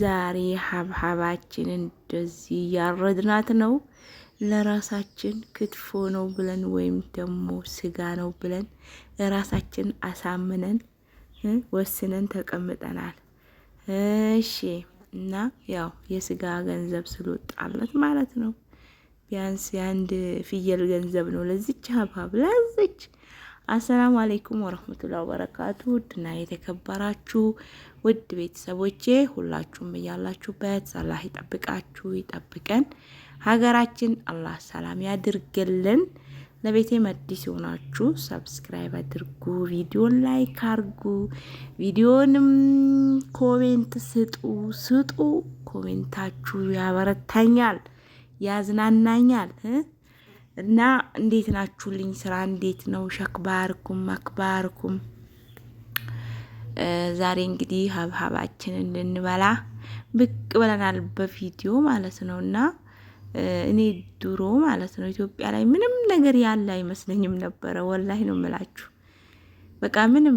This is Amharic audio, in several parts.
ዛሬ ሀብሀባችን እንደዚህ እያረድናት ነው። ለራሳችን ክትፎ ነው ብለን ወይም ደግሞ ስጋ ነው ብለን ለራሳችን አሳምነን ወስነን ተቀምጠናል። እሺ እና ያው የስጋ ገንዘብ ስለወጣለት ማለት ነው። ቢያንስ የአንድ ፍየል ገንዘብ ነው ለዚች ሀብሀብ ለዚች አሰላሙ አሌይኩም ወረህመቱላ ወበረካቱ። ውድና የተከበራችሁ ውድ ቤተሰቦቼ ሁላችሁም እያላችሁበት አላህ ይጠብቃችሁ ይጠብቀን። ሀገራችን አላህ ሰላም ያድርግልን። ለቤቴ መዲስ የሆናችሁ ሰብስክራይብ አድርጉ፣ ቪዲዮን ላይክ አርጉ፣ ቪዲዮንም ኮሜንት ስጡ ስጡ። ኮሜንታችሁ ያበረታኛል፣ ያዝናናኛል። እና እንዴት ናችሁልኝ? ስራ እንዴት ነው? ሸክባርኩም አክባርኩም። ዛሬ እንግዲህ ሀብሀባችንን ልንበላ ብቅ ብለናል፣ በቪዲዮ ማለት ነው እና እኔ ድሮ ማለት ነው ኢትዮጵያ ላይ ምንም ነገር ያለ አይመስለኝም ነበረ። ወላሂ ነው የምላችሁ። በቃ ምንም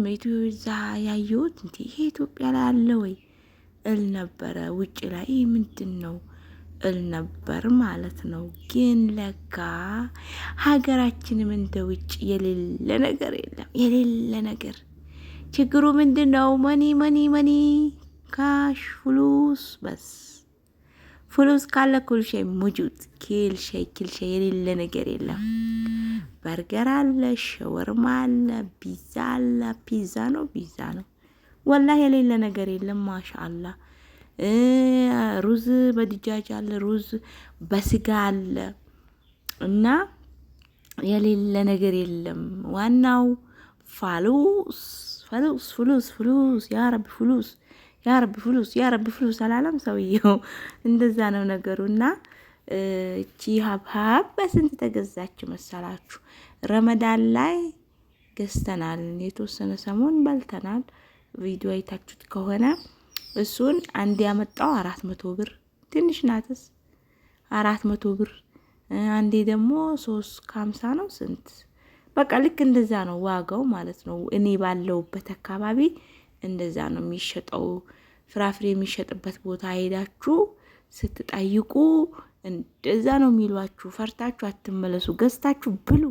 ዛ ያየሁት እንዲ ይሄ ኢትዮጵያ ላይ አለ ወይ እል ነበረ። ውጭ ላይ ይህ ምንድን ነው እል ነበር ማለት ነው። ግን ለካ ሀገራችንም እንደ ውጭ የሌለ ነገር የለም የሌለ ነገር። ችግሩ ምንድን ነው? መኒ መኒ መኒ ካሽ ፍሉስ በስ ፍሉስ ካለ ኩልሼ ሙጁት ኪልሼ ኪልሼ የሌለ ነገር የለም። በርገር አለ፣ ሸወርማ አለ፣ ፒዛ አለ። ፒዛ ነው ፒዛ ነው። ወላህ የሌለ ነገር የለም። ማሻአላህ ሩዝ በድጃጅ አለ፣ ሩዝ በስጋ አለ እና የሌለ ነገር የለም። ዋናው ፋሉስ ፍሉስ ፍሉስ ፍሉስ ያረቢ ፍሉስ ያረብ ፍሉስ ያረብ ፍሉስ አላለም ሰውየው። እንደዛ ነው ነገሩና እቺ ሀብሀብ በስንት ተገዛች መሰላችሁ? ረመዳን ላይ ገዝተናል። የተወሰነ ሰሞን በልተናል። ቪዲዮ አይታችሁት ከሆነ እሱን አንድ ያመጣው አራት መቶ ብር ትንሽ ናትስ አራት መቶ ብር አንዴ ደግሞ ሶስት ከሀምሳ ነው ስንት በቃ ልክ እንደዛ ነው ዋጋው ማለት ነው። እኔ ባለውበት አካባቢ እንደዛ ነው የሚሸጠው። ፍራፍሬ የሚሸጥበት ቦታ ሄዳችሁ ስትጠይቁ እንደዛ ነው የሚሏችሁ። ፈርታችሁ አትመለሱ። ገዝታችሁ ብሉ።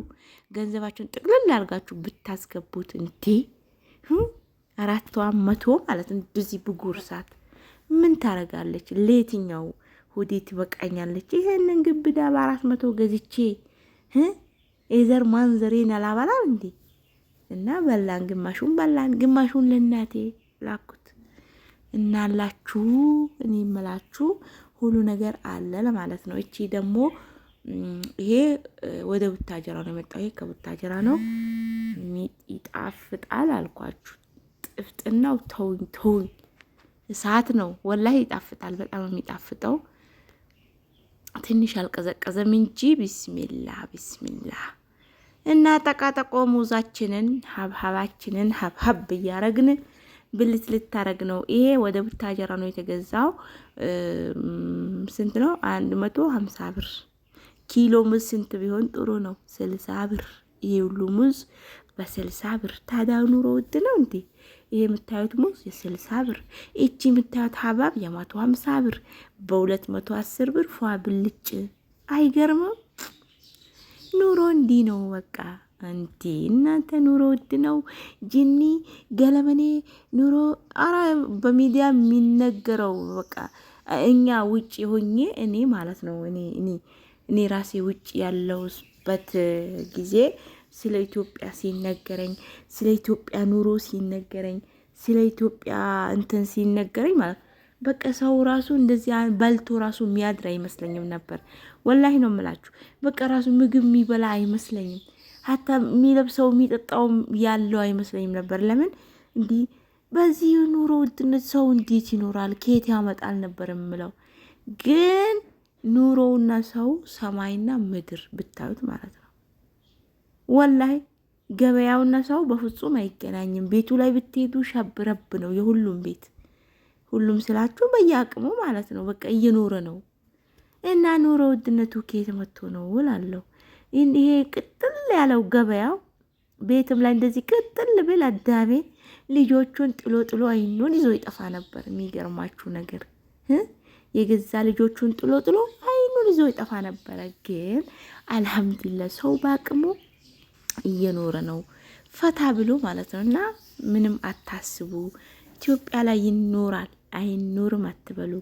ገንዘባችሁን ጥቅልል አድርጋችሁ ብታስገቡት እንዴ አራቷ መቶ ማለት እንደዚህ ብጉር ሳት ምን ታረጋለች? ለየትኛው ሆዴ ትበቃኛለች? ይሄንን ግብዳ በአራት መቶ ገዝቼ የዘር ማንዘሬን አላባላል እንዴ? እና በላን፣ ግማሹን በላን፣ ግማሹን ለእናቴ ላኩት። እናላችሁ እኔ እምላችሁ ሁሉ ነገር አለ ለማለት ነው። እቺ ደግሞ ይሄ ወደ ቡታጀራ ነው የመጣው። ይሄ ከቡታጀራ ነው። ይጣፍጣል አልኳችሁ። ጥፍጥናው ተውኝ ተውኝ። እሳት ነው ወላሂ ይጣፍጣል። በጣም የሚጣፍጠው ትንሽ አልቀዘቀዘም እንጂ ቢስሚላ ቢስሚላ። እና ጠቃጠቆ ሙዛችንን ሀብሀባችንን ሀብሀብ እያረግን ብልት ልታረግ ነው። ይሄ ወደ ቡታጀራ ነው የተገዛው። ስንት ነው? አንድ መቶ ሀምሳ ብር ኪሎ ሙዝ ስንት ቢሆን ጥሩ ነው? ስልሳ ብር። ይሄ ሁሉ ሙዝ በስልሳ ብር። ታዲያ ኑሮ ውድ ነው እንዴ? ይሄ የምታዩት ሙዝ የስልሳ ብር፣ እቺ የምታዩት ሀባብ የመቶ ሀምሳ ብር፣ በሁለት መቶ አስር ብር ፏ ብልጭ። አይገርምም? ኑሮ እንዲህ ነው በቃ። አንቲ እናንተ ኑሮ ውድ ነው። ጅኒ ገለመኔ ኑሮ አራ በሚዲያ የሚነገረው በቃ እኛ ውጭ ሆኜ እኔ ማለት ነው እኔ እኔ ራሴ ውጭ ያለውበት ጊዜ ስለ ኢትዮጵያ ሲነገረኝ፣ ስለ ኢትዮጵያ ኑሮ ሲነገረኝ፣ ስለ ኢትዮጵያ እንትን ሲነገረኝ ማለት በቃ ሰው ራሱ እንደዚህ በልቶ ራሱ የሚያድር አይመስለኝም ነበር። ወላሂ ነው የምላችሁ። በቃ ራሱ ምግብ የሚበላ አይመስለኝም። ሀታ የሚለብሰው የሚጠጣው ያለው አይመስለኝም ነበር። ለምን እንዲህ በዚህ ኑሮ ውድነት ሰው እንዴት ይኖራል? ከየት ያመጣል ነበር የምለው። ግን ኑሮውና ሰው ሰማይና ምድር ብታዩት ማለት ነው። ወላይ ገበያውና ሰው በፍጹም አይገናኝም። ቤቱ ላይ ብትሄዱ ሸብረብ ነው የሁሉም ቤት። ሁሉም ስላችሁ በየአቅሙ ማለት ነው። በቃ እየኖረ ነው እና ኑሮ ውድነቱ ከየት መጥቶ ነው እላለሁ። ይሄ ቅጥል ያለው ገበያው ቤትም ላይ እንደዚህ ቅጥል ብል አዳሜ ልጆቹን ጥሎ ጥሎ አይኑን ይዞ ይጠፋ ነበር። የሚገርማችሁ ነገር የገዛ ልጆቹን ጥሎ ጥሎ አይኑን ይዞ ይጠፋ ነበረ። ግን አልሐምዱሊላህ ሰው በአቅሙ እየኖረ ነው ፈታ ብሎ ማለት ነው። እና ምንም አታስቡ፣ ኢትዮጵያ ላይ ይኖራል አይኖርም አትበሉ፣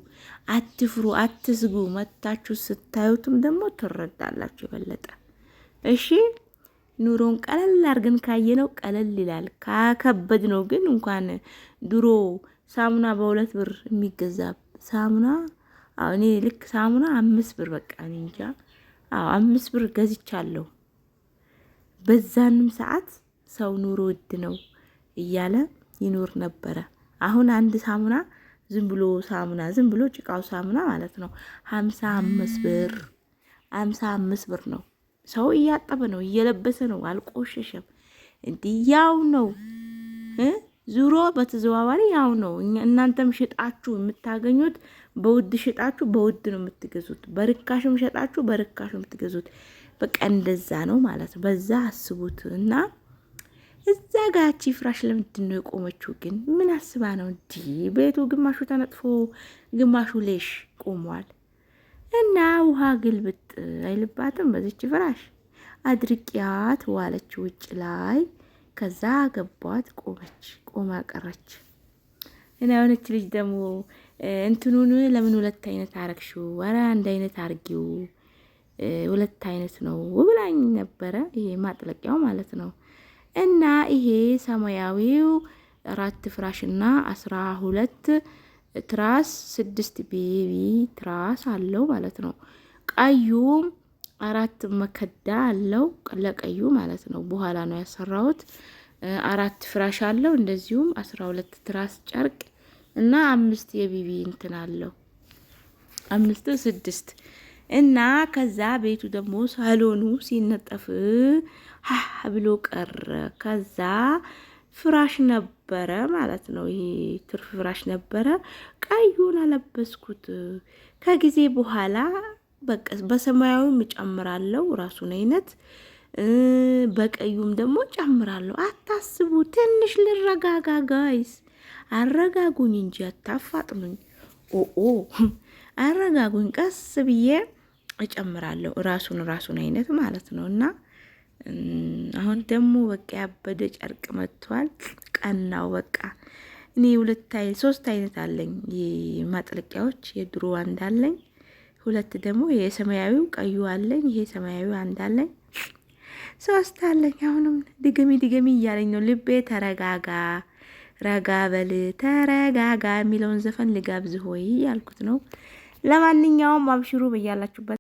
አትፍሩ፣ አትስጉ። መታችሁ ስታዩትም ደግሞ ትረዳላችሁ የበለጠ እሺ። ኑሮን ቀለል አድርገን ካየነው ቀለል ይላል። ካከበድ ነው ግን እንኳን ድሮ ሳሙና በሁለት ብር የሚገዛ ሳሙና እኔ ልክ ሳሙና አምስት ብር በቃ እንጃ አምስት ብር ገዝቻለሁ። በዛንም ሰዓት ሰው ኑሮ ውድ ነው እያለ ይኖር ነበረ። አሁን አንድ ሳሙና ዝም ብሎ ሳሙና ዝም ብሎ ጭቃው ሳሙና ማለት ነው ሀምሳ አምስት ብር ሀምሳ አምስት ብር ነው። ሰው እያጠበ ነው እየለበሰ ነው አልቆሸሸም። እንዲህ ያው ነው። ዙሮ በተዘዋዋሪ ያው ነው። እናንተም ሽጣችሁ የምታገኙት በውድ ሽጣችሁ በውድ ነው የምትገዙት፣ በርካሽም ሸጣችሁ በርካሽ የምትገዙት። በቃ እንደዛ ነው ማለት ነው። በዛ አስቡት እና እዛ ጋቺ ፍራሽ ለምንድን ነው የቆመችው? ግን ምን አስባ ነው እንዲ? ቤቱ ግማሹ ተነጥፎ ግማሹ ሌሽ ቆሟል። እና ውሃ ግልብጥ አይልባትም በዚች ፍራሽ አድርቂያት ዋለች ውጭ ላይ ከዛ ገቧት፣ ቆመች፣ ቆማ ቀረች። እና የሆነች ልጅ ደግሞ እንትኑን ለምን ሁለት አይነት አረግሽው? ኧረ አንድ አይነት አርጊው፣ ሁለት አይነት ነው ብላኝ ነበረ። ይሄ ማጥለቂያው ማለት ነው። እና ይሄ ሰማያዊው አራት ፍራሽ እና አስራ ሁለት ትራስ ስድስት ቤቢ ትራስ አለው ማለት ነው። ቀዩም አራት መከዳ አለው ለቀዩ ማለት ነው። በኋላ ነው ያሰራሁት። አራት ፍራሽ አለው። እንደዚሁም አስራ ሁለት ትራስ ጨርቅ እና አምስት የቢቢ እንትን አለው አምስት ስድስት እና ከዛ ቤቱ ደግሞ ሳሎኑ ሲነጠፍ ብሎ ቀረ። ከዛ ፍራሽ ነበረ ማለት ነው። ይሄ ትርፍ ፍራሽ ነበረ። ቀዩን አለበስኩት ከጊዜ በኋላ በቃ በሰማያዊም እጨምራለሁ ራሱን አይነት በቀዩም ደግሞ ጨምራለሁ። አታስቡ፣ ትንሽ ልረጋጋ ጋይስ። አረጋጉኝ እንጂ አታፋጥኑኝ። ኦኦ አረጋጉኝ። ቀስ ብዬ እጨምራለሁ ራሱን ራሱን አይነት ማለት ነው። እና አሁን ደግሞ በቃ ያበደ ጨርቅ መጥቷል። ቀናው በቃ እኔ ሁለት ሶስት አይነት አለኝ ማጥለቂያዎች። የድሮ አንድ አለኝ ሁለት ደግሞ ይሄ ሰማያዊው ቀዩ አለኝ። ይሄ ሰማያዊ አንድ አለኝ። ሶስት አለኝ። አሁንም ድገሚ ድገሚ እያለኝ ነው ልቤ። ተረጋጋ ረጋ በል ተረጋጋ የሚለውን ዘፈን ልጋብዝ ሆይ ያልኩት ነው። ለማንኛውም አብሽሩ በያላችሁበት